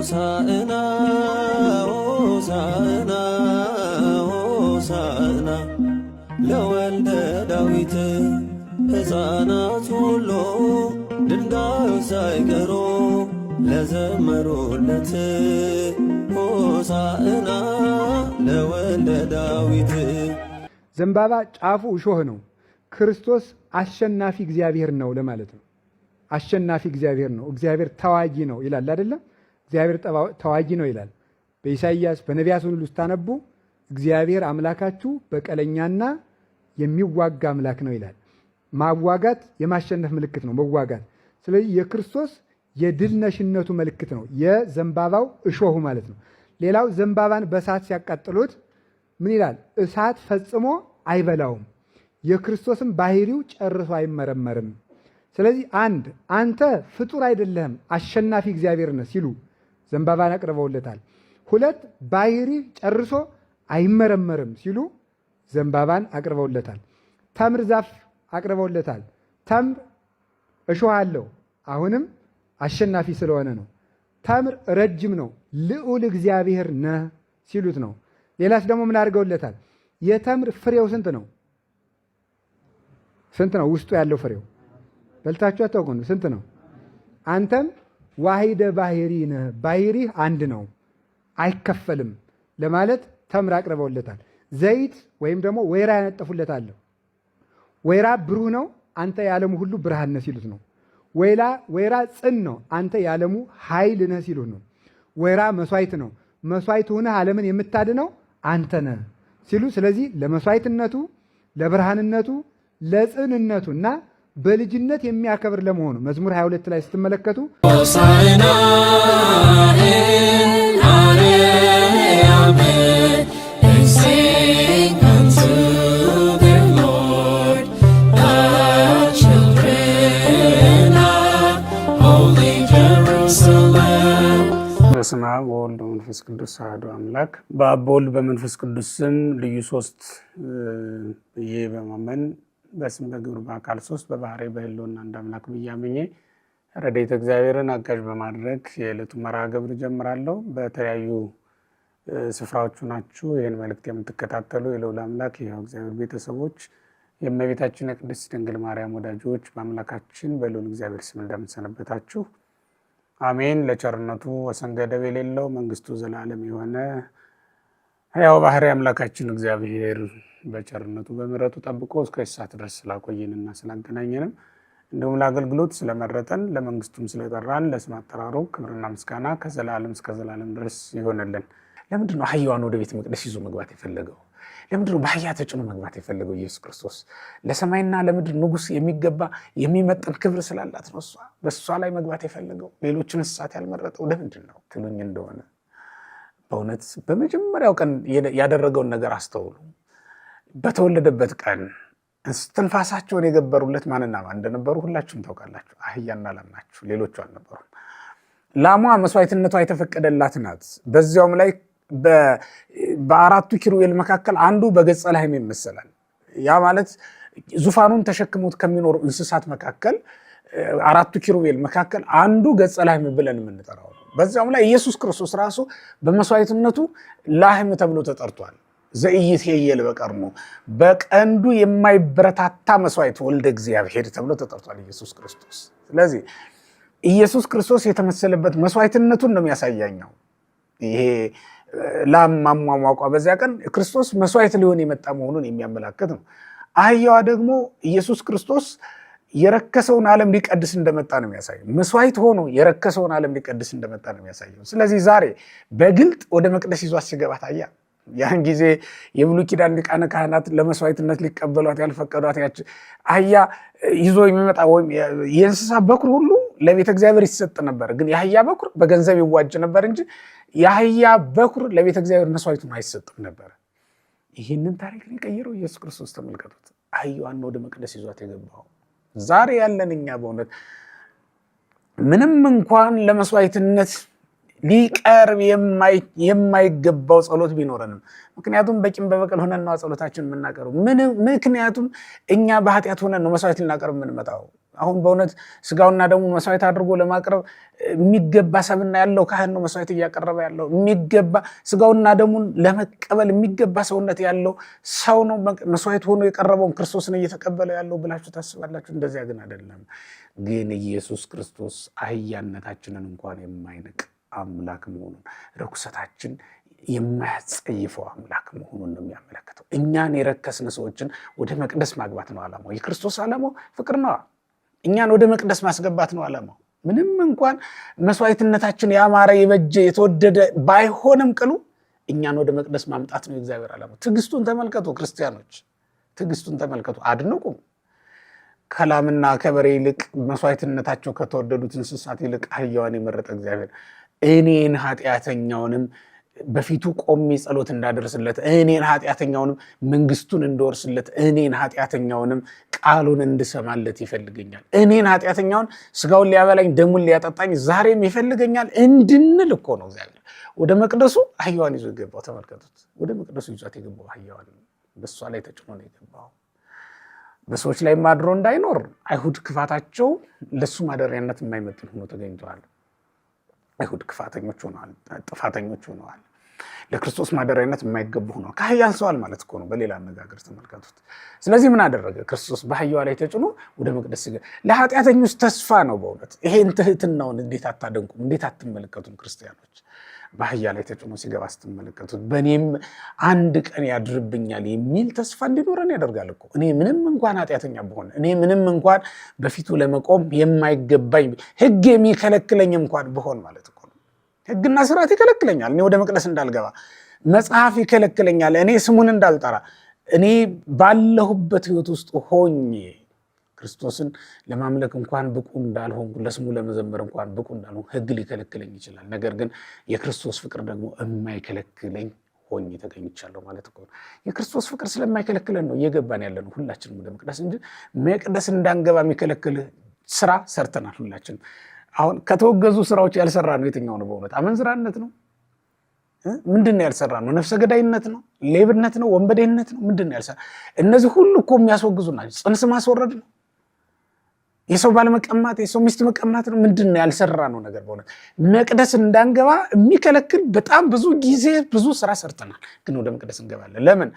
ሆሳዕና ሆሳዕና ሆሳዕና ለወልደ ዳዊት ሕፃናት ሁሉ ድንጋዩ ሳይቀሩ ለዘመሩለት ሆሳዕና ለወልደ ዳዊት። ዘንባባ ጫፉ እሾህ ነው። ክርስቶስ አሸናፊ እግዚአብሔር ነው ለማለት ነው። አሸናፊ እግዚአብሔር ነው። እግዚአብሔር ተዋጊ ነው ይላል አይደለም? እግዚአብሔር ተዋጊ ነው ይላል። በኢሳይያስ በነቢያት ሁሉ ስታነቡ እግዚአብሔር አምላካችሁ በቀለኛና የሚዋጋ አምላክ ነው ይላል። ማዋጋት የማሸነፍ ምልክት ነው መዋጋት። ስለዚህ የክርስቶስ የድልነሽነቱ ምልክት ነው የዘንባባው እሾሁ ማለት ነው። ሌላው ዘንባባን በእሳት ሲያቃጥሉት ምን ይላል? እሳት ፈጽሞ አይበላውም፣ የክርስቶስም ባህሪው ጨርሶ አይመረመርም። ስለዚህ አንድ አንተ ፍጡር አይደለህም አሸናፊ እግዚአብሔር ነህ ሲሉ ዘንባባን አቅርበውለታል። ሁለት ባይሪ ጨርሶ አይመረመርም ሲሉ ዘንባባን አቅርበውለታል። ተምር ዛፍ አቅርበውለታል። ተምር እሾህ አለው። አሁንም አሸናፊ ስለሆነ ነው። ተምር ረጅም ነው። ልዑል እግዚአብሔር ነህ ሲሉት ነው። ሌላስ ደግሞ ምን አድርገውለታል? የተምር ፍሬው ስንት ነው? ስንት ነው? ውስጡ ያለው ፍሬው በልታችሁ አታውቁ። ስንት ነው? አንተም ዋሂደ ባህሪ ነህ ባህሪ አንድ ነው አይከፈልም ለማለት ተምር አቅርበውለታል። ዘይት ወይም ደግሞ ወይራ ያነጠፉለታል። ወይራ ብሩህ ነው አንተ የዓለሙ ሁሉ ብርሃን ነህ ሲሉት ነው። ወይላ ወይራ ጽን ነው አንተ የዓለሙ ኃይል ነህ ሲሉት ነው። ወይራ መስዋዕት ነው መስዋዕት ሆነህ ዓለምን የምታድነው አንተ ነህ ሲሉ ስለዚህ ለመስዋዕትነቱ ለብርሃንነቱ ለጽንነቱ እና በልጅነት የሚያከብር ለመሆኑ መዝሙር 22 ላይ ስትመለከቱ ሆሳዕና አርያም በስመ አብ ወወልድ ወመንፈስ ቅዱስ አሐዱ አምላክ። በአብ በወልድ በመንፈስ ቅዱስ ስም ልዩ ሶስት ብዬ በማመን በስም በግብር በአካል ሶስት በባህሪ በህልውና አንድ አምላክ ብያመኘ ረድኤተ እግዚአብሔርን አጋዥ በማድረግ የዕለቱ መርሃ ግብር ጀምራለሁ። በተለያዩ ስፍራዎቹ ናችሁ ይህን መልእክት የምትከታተሉ የልዑል አምላክ ይኸው እግዚአብሔር ቤተሰቦች የእመቤታችን የቅድስት ድንግል ማርያም ወዳጆች በአምላካችን በልዑል እግዚአብሔር ስም እንደምንሰነበታችሁ አሜን። ለቸርነቱ ወሰንገደብ የሌለው መንግስቱ ዘላለም የሆነ ሕያው ባህሪ አምላካችን እግዚአብሔር በቸርነቱ በምሕረቱ ጠብቆ እስከ ሰዓት ድረስ ስላቆየንና ስላገናኘንም እንዲሁም ለአገልግሎት ስለመረጠን ለመንግስቱም ስለጠራን ለስም አጠራሩ ክብርና ምስጋና ከዘላለም እስከ ዘላለም ድረስ ይሆንልን። ለምንድነው አህያዋን ወደ ቤተ መቅደስ ይዞ መግባት የፈለገው? ለምንድነው በአህያ ተጭኖ መግባት የፈለገው? ኢየሱስ ክርስቶስ ለሰማይና ለምድር ንጉሥ የሚገባ የሚመጥን ክብር ስላላት ነው እሷ በእሷ ላይ መግባት የፈለገው ሌሎችን እንስሳት ያልመረጠው ለምንድን ነው ትሉኝ እንደሆነ በእውነት በመጀመሪያው ቀን ያደረገውን ነገር አስተውሉ። በተወለደበት ቀን እስትንፋሳቸውን የገበሩለት ማንና ማን እንደነበሩ ሁላችሁም ታውቃላችሁ። አህያና ላም ናችሁ፣ ሌሎቹ አልነበሩም። ላሟ መስዋዕትነቷ የተፈቀደላት ናት። በዚያውም ላይ በአራቱ ኪሩቤል መካከል አንዱ በገጸ ላህም ይመሰላል። ያ ማለት ዙፋኑን ተሸክሞት ከሚኖሩ እንስሳት መካከል አራቱ ኪሩቤል መካከል አንዱ ገጸ ላህም ብለን የምንጠራው ነው። በዛውም ላይ ኢየሱስ ክርስቶስ ራሱ በመስዋዕትነቱ ላህም ተብሎ ተጠርቷል። ዘእይት የየል በቀርኑ በቀንዱ የማይበረታታ መስዋዕት ወልደ እግዚአብሔር ተብሎ ተጠርቷል ኢየሱስ ክርስቶስ። ስለዚህ ኢየሱስ ክርስቶስ የተመሰለበት መስዋዕትነቱን ነው የሚያሳያኛው ይሄ ላም ማሟሟቋ በዚያ ቀን ክርስቶስ መስዋዕት ሊሆን የመጣ መሆኑን የሚያመላክት ነው። አህያዋ ደግሞ ኢየሱስ ክርስቶስ የረከሰውን ዓለም ሊቀድስ እንደመጣ ነው የሚያሳየው። መስዋዕት ሆኖ የረከሰውን ዓለም ሊቀድስ እንደመጣ ነው የሚያሳየው። ስለዚህ ዛሬ በግልጥ ወደ መቅደስ ይዟት ሲገባ ታያ። ያን ጊዜ የብሉ ኪዳን ሊቃነ ካህናት ለመስዋዕትነት ሊቀበሏት ያልፈቀዷት ያች አህያ ይዞ የሚመጣ ወይም የእንስሳ በኩር ሁሉ ለቤተ እግዚአብሔር ይሰጥ ነበር፣ ግን የአህያ በኩር በገንዘብ ይዋጅ ነበር እንጂ የአህያ በኩር ለቤተ እግዚአብሔር መስዋዕቱን አይሰጥም ነበር። ይህንን ታሪክ የቀየረው ኢየሱስ ክርስቶስ ተመልከቱት። አህያዋን ወደ መቅደስ ይዟት የገባው ዛሬ ያለን እኛ በእውነት ምንም እንኳን ለመስዋዕትነት ሊቀርብ የማይገባው ጸሎት ቢኖረንም፣ ምክንያቱም በቂም በበቀል ሆነን ነዋ ጸሎታችን የምናቀርብ። ምክንያቱም እኛ በኃጢአት ሆነን ነው መስዋዕት ልናቀርብ የምንመጣው። አሁን በእውነት ስጋውና ደግሞ መስዋዕት አድርጎ ለማቅረብ የሚገባ ሰብና ያለው ካህን ነው መስዋዕት እያቀረበ ያለው። የሚገባ ስጋውና ደሙን ለመቀበል የሚገባ ሰውነት ያለው ሰው ነው መስዋዕት ሆኖ የቀረበውን ክርስቶስን እየተቀበለ ያለው ብላችሁ ታስባላችሁ። እንደዚያ ግን አይደለም። ግን ኢየሱስ ክርስቶስ አህያነታችንን እንኳን የማይንቅ አምላክ መሆኑን ርኩሰታችን የማያጸይፈው አምላክ መሆኑን ነው የሚያመለክተው። እኛን የረከስን ሰዎችን ወደ መቅደስ ማግባት ነው ዓላማው። የክርስቶስ ዓላማው ፍቅር ነዋ። እኛን ወደ መቅደስ ማስገባት ነው ዓላማው። ምንም እንኳን መስዋዕትነታችን ያማረ የበጀ የተወደደ ባይሆንም ቅሉ እኛን ወደ መቅደስ ማምጣት ነው የእግዚአብሔር ዓላማ። ትዕግስቱን ተመልከቱ ክርስቲያኖች፣ ትዕግስቱን ተመልከቱ፣ አድንቁ። ከላምና ከበሬ ይልቅ መስዋዕትነታቸው ከተወደዱት እንስሳት ይልቅ አህያዋን የመረጠ እግዚአብሔር እኔን ኃጢአተኛውንም በፊቱ ቆሜ ጸሎት እንዳደርስለት እኔን ኃጢአተኛውንም መንግስቱን እንደወርስለት እኔን ኃጢአተኛውንም ቃሉን እንድሰማለት ይፈልገኛል። እኔን ኃጢአተኛውን ስጋውን ሊያበላኝ ደሙን ሊያጠጣኝ ዛሬም ይፈልገኛል እንድንል እኮ ነው። እግዚአብሔር ወደ መቅደሱ አህያዋን ይዞ የገባው ተመልከቱት። ወደ መቅደሱ ይዟት የገባው አህያዋን በእሷ ላይ ተጭኖ ነው የገባው። በሰዎች ላይ ማድሮ እንዳይኖር አይሁድ ክፋታቸው ለሱ ማደሪያነት የማይመጥን ሆኖ ተገኝተዋል። አይሁድ ክፋተኞች ሆነዋል፣ ጥፋተኞች ሆነዋል። ለክርስቶስ ማደሪያነት የማይገቡ ሆኗል። ከአህያ አንሰዋል ማለት እኮ ነው፣ በሌላ አነጋገር ተመልከቱት። ስለዚህ ምን አደረገ ክርስቶስ? በአህያዋ ላይ ተጭኖ ወደ መቅደስ ገ ለኃጢአተኞች ተስፋ ነው። በእውነት ይሄን ትህትናውን እንዴት አታደንቁም? እንዴት አትመለከቱም? ክርስቲያኖች በአህያ ላይ ተጭኖ ሲገባ ስትመለከቱት በእኔም አንድ ቀን ያድርብኛል የሚል ተስፋ እንዲኖረን ያደርጋል እኮ እኔ ምንም እንኳን ኃጢአተኛ በሆነ እኔ ምንም እንኳን በፊቱ ለመቆም የማይገባኝ ህግ የሚከለክለኝ እንኳን ብሆን ማለት ህግና ስርዓት ይከለክለኛል፣ እኔ ወደ መቅደስ እንዳልገባ። መጽሐፍ ይከለክለኛል፣ እኔ ስሙን እንዳልጠራ። እኔ ባለሁበት ህይወት ውስጥ ሆኜ ክርስቶስን ለማምለክ እንኳን ብቁ እንዳልሆንኩ ለስሙ ለመዘመር እንኳን ብቁ እንዳልሆንኩ ህግ ሊከለክለኝ ይችላል። ነገር ግን የክርስቶስ ፍቅር ደግሞ የማይከለክለኝ ሆኜ ተገኝቻለሁ ማለት እኮ ነው። የክርስቶስ ፍቅር ስለማይከለክለን ነው እየገባን ያለ ነው ሁላችንም ወደ መቅደስ እንጂ መቅደስ እንዳንገባ የሚከለክል ስራ ሰርተናል ሁላችንም። አሁን ከተወገዙ ስራዎች ያልሰራ ነው የትኛው ነው? በእውነት አመንዝራነት ነው? ምንድን ነው ያልሰራ ነው? ነፍሰ ገዳይነት ነው? ሌብነት ነው? ወንበዴነት ነው? ምንድን ነው ያልሰራ? እነዚህ ሁሉ እኮ የሚያስወግዙ ናቸው። ጽንስ ማስወረድ ነው? የሰው ባል መቀማት፣ የሰው ሚስት መቀማት ነው? ምንድን ነው ያልሰራ ነው ነገር? በእውነት መቅደስ እንዳንገባ የሚከለክል በጣም ብዙ ጊዜ ብዙ ስራ ሰርተናል፣ ግን ወደ መቅደስ እንገባለን። ለምን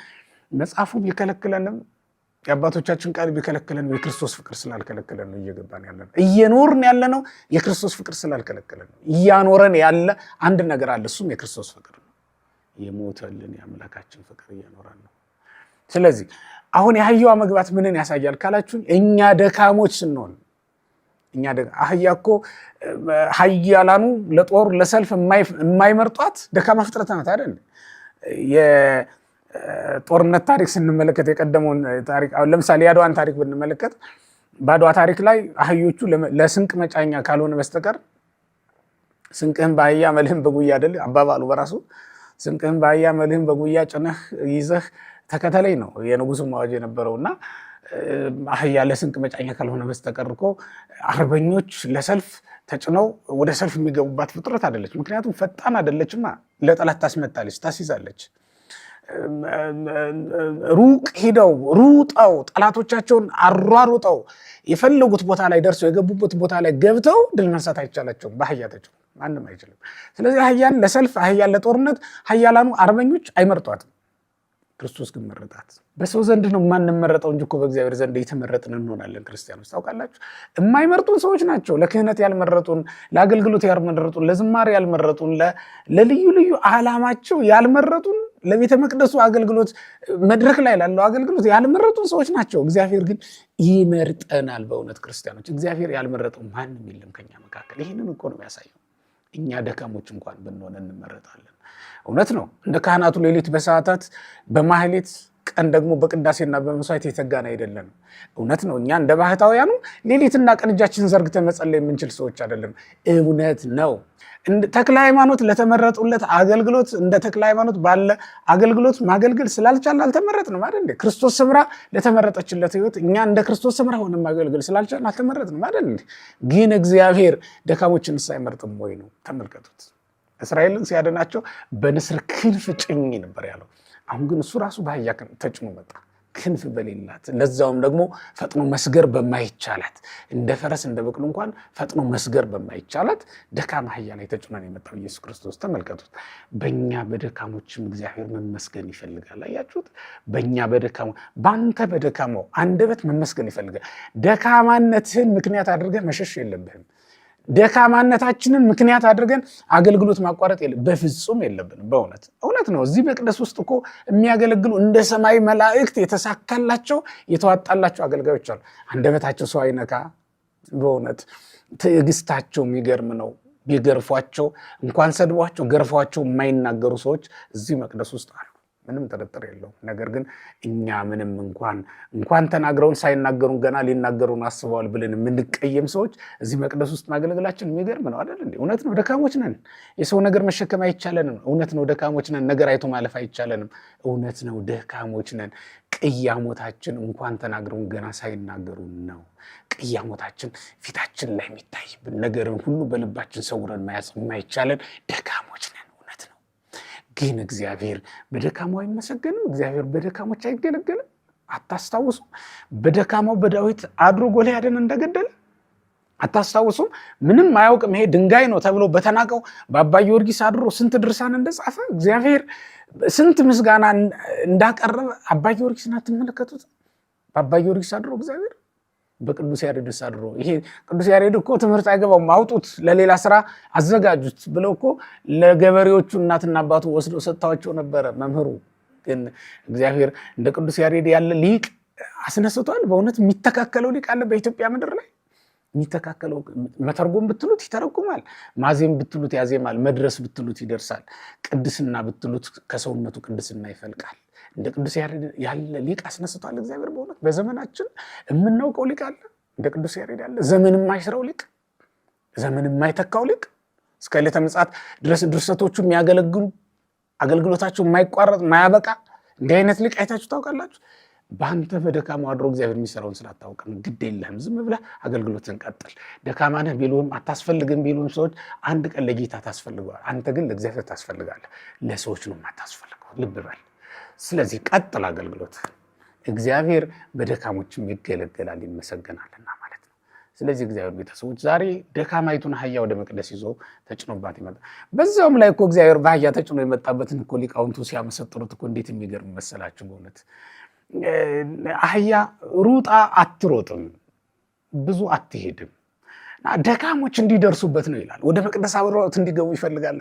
መጽሐፉ ቢከለክለንም የአባቶቻችን ቃል ቢከለክለን የክርስቶስ ፍቅር ስላልከለከለን ነው እየገባን ያለ ነው። እየኖርን ያለ ነው የክርስቶስ ፍቅር ስላልከለከለን ነው። እያኖረን ያለ አንድ ነገር አለ፣ እሱም የክርስቶስ ፍቅር ነው። የሞተልን የአምላካችን ፍቅር እየኖረን ነው። ስለዚህ አሁን የአህያዋ መግባት ምንን ያሳያል ካላችሁ እኛ ደካሞች ስንሆን እኛ አህያ እኮ ሀያላኑ ለጦር ለሰልፍ የማይመርጧት ደካማ ፍጥረት ናት አይደል? ጦርነት ታሪክ ስንመለከት የቀደመውን ታሪክ አሁን ለምሳሌ የአድዋን ታሪክ ብንመለከት በአድዋ ታሪክ ላይ አህዮቹ ለስንቅ መጫኛ ካልሆነ በስተቀር ስንቅህን በአህያ መልህን በጉያ አደል አባባሉ በራሱ ስንቅህን በአህያ መልህን በጉያ ጭነህ ይዘህ ተከተለኝ ነው የንጉሱ ማዋጅ የነበረው እና አህያ ለስንቅ መጫኛ ካልሆነ በስተቀር እኮ አርበኞች ለሰልፍ ተጭነው ወደ ሰልፍ የሚገቡባት ፍጥረት አይደለች። ምክንያቱም ፈጣን አደለችማ ለጠላት ታስመታለች፣ ታስይዛለች። ሩቅ ሂደው ሩጠው ጠላቶቻቸውን አሯሩጠው የፈለጉት ቦታ ላይ ደርሰው የገቡበት ቦታ ላይ ገብተው ድል መንሳት አይቻላቸውም። በአህያታቸው ማንም አይችልም። ስለዚህ አህያን ለሰልፍ አህያን ለጦርነት ሀያላኑ አርበኞች አይመርጧትም። ክርስቶስ ግን መረጣት። በሰው ዘንድ ነው የማንመረጠው እንጂ እኮ በእግዚአብሔር ዘንድ እየተመረጥን እንሆናለን። ክርስቲያኖች ታውቃላችሁ፣ የማይመርጡን ሰዎች ናቸው። ለክህነት ያልመረጡን፣ ለአገልግሎት ያልመረጡን፣ ለዝማሬ ያልመረጡን፣ ለልዩ ልዩ አላማቸው ያልመረጡን ለቤተ መቅደሱ አገልግሎት መድረክ ላይ ላለው አገልግሎት ያልመረጡን ሰዎች ናቸው። እግዚአብሔር ግን ይመርጠናል። በእውነት ክርስቲያኖች፣ እግዚአብሔር ያልመረጠው ማንም የለም ከኛ መካከል። ይህንን እኮ ነው የሚያሳየው። እኛ ደካሞች እንኳን ብንሆን እንመረጣለን። እውነት ነው። እንደ ካህናቱ ሌሊት በሰዓታት በማህሌት ቀን ደግሞ በቅዳሴና በመስዋዕት የተጋን አይደለም። እውነት ነው፣ እኛ እንደ ባህታውያኑ ሌሊትና ቀን እጃችን ዘርግተን መጸለይ የምንችል ሰዎች አይደለም። እውነት ነው። ተክለ ሃይማኖት ለተመረጡለት አገልግሎት እንደ ተክለ ሃይማኖት ባለ አገልግሎት ማገልገል ስላልቻል አልተመረጥንም አይደል? ክርስቶስ ስምራ ለተመረጠችለት ህይወት እኛ እንደ ክርስቶስ ስምራ ሆነ ማገልገል ስላልቻል አልተመረጥንም አይደል? ግን እግዚአብሔር ደካሞችን ሳይመርጥም ወይ ነው? ተመልከቱት። እስራኤልን ሲያደናቸው በንስር ክንፍ ጭኝ ነበር ያለው። አሁን ግን እሱ ራሱ በአህያ ተጭኖ መጣ፣ ክንፍ በሌላት ለዛውም ደግሞ ፈጥኖ መስገር በማይቻላት እንደ ፈረስ እንደ በቅሎ እንኳን ፈጥኖ መስገር በማይቻላት ደካማ አህያ ላይ ተጭኖ ነው የመጣው ኢየሱስ ክርስቶስ። ተመልከቱት። በእኛ በደካሞችም እግዚአብሔር መመስገን ይፈልጋል። አያችሁት? በእኛ በደካሞ በአንተ በደካማው አንደበት መመስገን ይፈልጋል። ደካማነትህን ምክንያት አድርገህ መሸሽ የለብህም። ደካማነታችንን ምክንያት አድርገን አገልግሎት ማቋረጥ የለ በፍጹም የለብንም። በእውነት እውነት ነው። እዚህ መቅደስ ውስጥ እኮ የሚያገለግሉ እንደ ሰማይ መላእክት የተሳካላቸው የተዋጣላቸው አገልጋዮች አሉ። አንደበታቸው ሰው አይነካ። በእውነት ትዕግስታቸው የሚገርም ነው። ቢገርፏቸው እንኳን ሰድቧቸው ገርፏቸው የማይናገሩ ሰዎች እዚህ መቅደስ ውስጥ አሉ። ምንም ጥርጥር የለውም። ነገር ግን እኛ ምንም እንኳን እንኳን ተናግረውን ሳይናገሩን ገና ሊናገሩን አስበዋል ብለን የምንቀየም ሰዎች እዚህ መቅደስ ውስጥ ማገልገላችን የሚገርም ነው አይደል? እውነት ነው፣ ደካሞች ነን። የሰው ነገር መሸከም አይቻለንም። እውነት ነው፣ ደካሞች ነን። ነገር አይቶ ማለፍ አይቻለንም። እውነት ነው፣ ደካሞች ነን። ቅያሞታችን እንኳን ተናግረውን ገና ሳይናገሩን ነው። ቅያሞታችን ፊታችን ላይ የሚታይብን ነገርን ሁሉ በልባችን ሰውረን መያዝ የማይቻለን ደካሞች ነን። ግን እግዚአብሔር በደካማው አይመሰገንም? እግዚአብሔር በደካሞች አይገለገልም? አታስታውሱ በደካማው በዳዊት አድሮ ጎልያድን እንደገደለ አታስታውሱም? ምንም አያውቅም ይሄ ድንጋይ ነው ተብሎ በተናቀው በአባ ጊዮርጊስ አድሮ ስንት ድርሳን እንደጻፈ እግዚአብሔር ስንት ምስጋና እንዳቀረበ አባ ጊዮርጊስን አትመለከቱት? በአባ ጊዮርጊስ አድሮ እግዚአብሔር በቅዱስ ያሬድስ አድሮ ይሄ ቅዱስ ያሬድ እኮ ትምህርት አይገባው ማውጡት ለሌላ ስራ አዘጋጁት ብለው እኮ ለገበሬዎቹ እናትና አባቱ ወስዶ ሰጥታቸው ነበረ። መምህሩ ግን እግዚአብሔር እንደ ቅዱስ ያሬድ ያለ ሊቅ አስነስቷል። በእውነት የሚተካከለው ሊቅ አለ በኢትዮጵያ ምድር ላይ የሚተካከለው መተርጎም ብትሉት ይተረጉማል፣ ማዜም ብትሉት ያዜማል፣ መድረስ ብትሉት ይደርሳል፣ ቅድስና ብትሉት ከሰውነቱ ቅድስና ይፈልቃል። እንደ ቅዱስ ያሬድ ያለ ሊቅ አስነስቷል እግዚአብሔር። በእውነት በዘመናችን የምናውቀው ሊቅ አለ እንደ ቅዱስ ያሬድ ያለ ዘመን የማይሽረው ሊቅ፣ ዘመን የማይተካው ሊቅ እስከ ዕለተ ምጽአት ድረስ ድርሰቶቹ የሚያገለግሉ አገልግሎታቸው የማይቋረጥ ማያበቃ እንዲህ አይነት ሊቅ አይታችሁ ታውቃላችሁ? በአንተ በደካማ አድሮ እግዚአብሔር የሚሰራውን ስላታውቅም ግድ የለህም፣ ዝም ብለህ አገልግሎትን ቀጥል። ደካማ ነህ ቢሉም አታስፈልግም ቢሉም ሰዎች አንድ ቀን ለጌታ ታስፈልገዋል። አንተ ግን ለእግዚአብሔር ታስፈልጋለህ፣ ለሰዎች ነው የማታስፈልገው። ልብ በል። ስለዚህ ቀጥል አገልግሎት እግዚአብሔር በደካሞችም ይገለገላል ይመሰገናልና ማለት ነው። ስለዚህ እግዚአብሔር ቤተሰቦች ዛሬ ደካማይቱን አህያ ወደ መቅደስ ይዞ ተጭኖባት ይመጣ። በዚያውም ላይ እኮ እግዚአብሔር በአህያ ተጭኖ የመጣበትን እኮ ሊቃውንቱ ሲያመሰጥሩት እኮ እንዴት የሚገርም መሰላችሁ! በእውነት አህያ ሩጣ አትሮጥም፣ ብዙ አትሄድም ደካሞች እንዲደርሱበት ነው ይላል። ወደ መቅደስ አብረውት እንዲገቡ ይፈልጋል።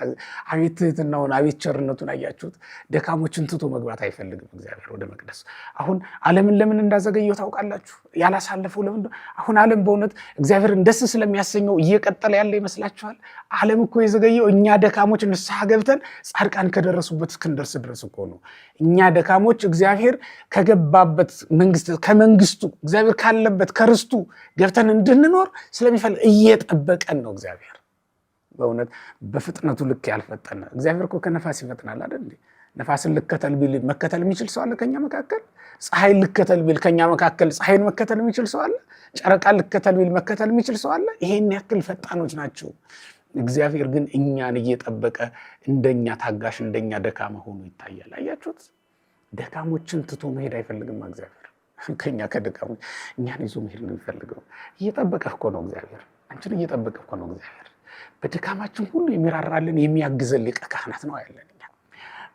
አቤት ትህትናውን፣ አቤት ቸርነቱን አያችሁት። ደካሞችን ትቶ መግባት አይፈልግም እግዚአብሔር ወደ መቅደስ። አሁን ዓለምን ለምን እንዳዘገየው ታውቃላችሁ? ያላሳለፈው ለምን? አሁን ዓለም በእውነት እግዚአብሔርን ደስ ስለሚያሰኘው እየቀጠለ ያለ ይመስላችኋል? ዓለም እኮ የዘገየው እኛ ደካሞች ንስሐ ገብተን ጻድቃን ከደረሱበት እስክንደርስ ድረስ እኮ ነው። እኛ ደካሞች እግዚአብሔር ከገባበት መንግስት ከመንግስቱ እግዚአብሔር ካለበት ከርስቱ ገብተን እንድንኖር ስለሚፈልግ እየጠበቀን ነው እግዚአብሔር። በእውነት በፍጥነቱ ልክ ያልፈጠነ እግዚአብሔር እኮ ከነፋስ ይፈጥናል አይደል? ነፋስን ልከተል ቢል መከተል የሚችል ሰው አለ ከኛ መካከል? ፀሐይን ልከተል ቢል ከኛ መካከል ፀሐይን መከተል የሚችል ሰው አለ? ልከተል ቢል መከተል የሚችል ሰው አለ? ይሄን ያክል ፈጣኖች ናቸው። እግዚአብሔር ግን እኛን እየጠበቀ እንደኛ ታጋሽ፣ እንደኛ ደካማ ሆኖ ይታያል። አያችሁት? ደካሞችን ትቶ መሄድ አይፈልግም እግዚአብሔር። ከኛ ከደካሞች እኛን ይዞ መሄድ ነው የሚፈልገው። እየጠበቀ እኮ ነው እግዚአብሔር። አንቺን እየጠበቀ እኮ ነው እግዚአብሔር። በድካማችን ሁሉ የሚራራልን የሚያግዘን ሊቀ ካህናት ነው ያለን።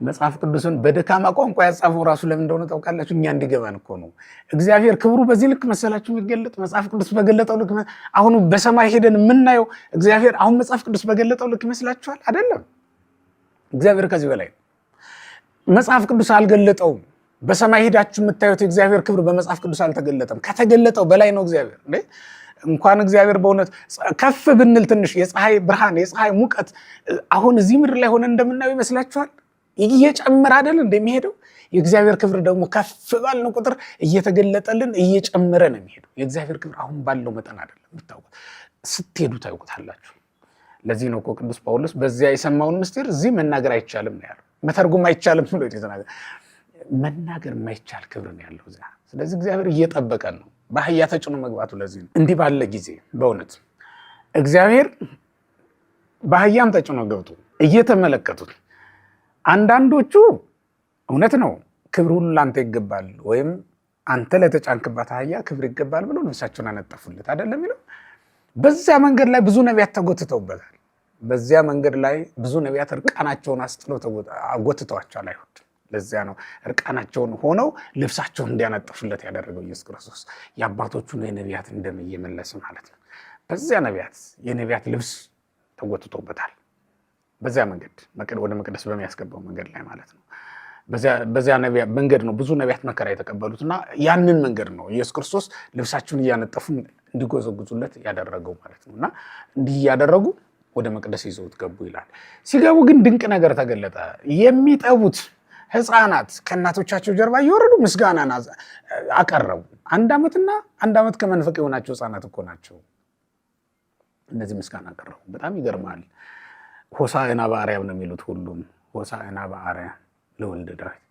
መጽሐፍ ቅዱስን በደካማ ቋንቋ ያጻፈው ራሱ ለምን እንደሆነ ታውቃላችሁ? እኛ እንዲገባን እኮ ነው። እግዚአብሔር ክብሩ በዚህ ልክ መሰላችሁ የሚገለጥ መጽሐፍ ቅዱስ በገለጠው ልክ። አሁን በሰማይ ሄደን የምናየው እግዚአብሔር አሁን መጽሐፍ ቅዱስ በገለጠው ልክ ይመስላችኋል? አይደለም። እግዚአብሔር ከዚህ በላይ መጽሐፍ ቅዱስ አልገለጠውም። በሰማይ ሄዳችሁ የምታዩት እግዚአብሔር ክብር በመጽሐፍ ቅዱስ አልተገለጠም። ከተገለጠው በላይ ነው እግዚአብሔር እንኳን እግዚአብሔር በእውነት ከፍ ብንል ትንሽ የፀሐይ ብርሃን የፀሐይ ሙቀት አሁን እዚህ ምድር ላይ ሆነ እንደምናየው ይመስላችኋል? እየጨመረ አይደል እንደሚሄደው የእግዚአብሔር ክብር ደግሞ ከፍ ባልን ቁጥር እየተገለጠልን እየጨመረ ነው የሚሄደው። የእግዚአብሔር ክብር አሁን ባለው መጠን አይደለም የምታውቁት፣ ስትሄዱ ታውቁታላችሁ። ለዚህ ነው እኮ ቅዱስ ጳውሎስ በዚያ የሰማውን ምስጢር እዚህ መናገር አይቻልም ነው ያለው። መተርጉም አይቻልም ብሎ የተናገረ መናገር የማይቻል ክብር ነው ያለው እዚያ። ስለዚህ እግዚአብሔር እየጠበቀን ነው። በአህያ ተጭኖ መግባቱ ለዚህ ነው። እንዲህ ባለ ጊዜ በእውነት እግዚአብሔር በአህያም ተጭኖ ገብቶ እየተመለከቱት አንዳንዶቹ እውነት ነው ክብር ሁሉ ለአንተ ይገባል፣ ወይም አንተ ለተጫንክባት አህያ ክብር ይገባል ብሎ ነፍሳቸውን አነጠፉለት አይደለም የሚለው። በዚያ መንገድ ላይ ብዙ ነቢያት ተጎትተውበታል። በዚያ መንገድ ላይ ብዙ ነቢያት እርቃናቸውን አስጥሎ ጎትተዋቸዋል አይሁድ ለዚያ ነው እርቃናቸውን ሆነው ልብሳቸውን እንዲያነጥፉለት ያደረገው ኢየሱስ ክርስቶስ የአባቶቹን የነቢያት ደም እየመለሰ ማለት ነው። በዚያ ነቢያት የነቢያት ልብስ ተጎትቶበታል። በዚያ መንገድ ወደ መቅደስ በሚያስገባው መንገድ ላይ ማለት ነው። በዚያ መንገድ ነው ብዙ ነቢያት መከራ የተቀበሉት እና ያንን መንገድ ነው ኢየሱስ ክርስቶስ ልብሳቸውን እያነጠፉ እንዲጎዘጉዙለት ያደረገው ማለት ነው። እና እንዲህ እያደረጉ ወደ መቅደስ ይዘውት ገቡ ይላል። ሲገቡ ግን ድንቅ ነገር ተገለጠ። የሚጠቡት ህፃናት ከእናቶቻቸው ጀርባ እየወረዱ ምስጋናን አቀረቡ። አንድ ዓመትና አንድ ዓመት ከመንፈቅ የሆናቸው ህፃናት እኮ ናቸው። እነዚህ ምስጋና አቀረቡ። በጣም ይገርማል። ሆሳዕና በአርያም ነው የሚሉት ሁሉም ሆሳዕና በአርያም ለወልደ ዳዊት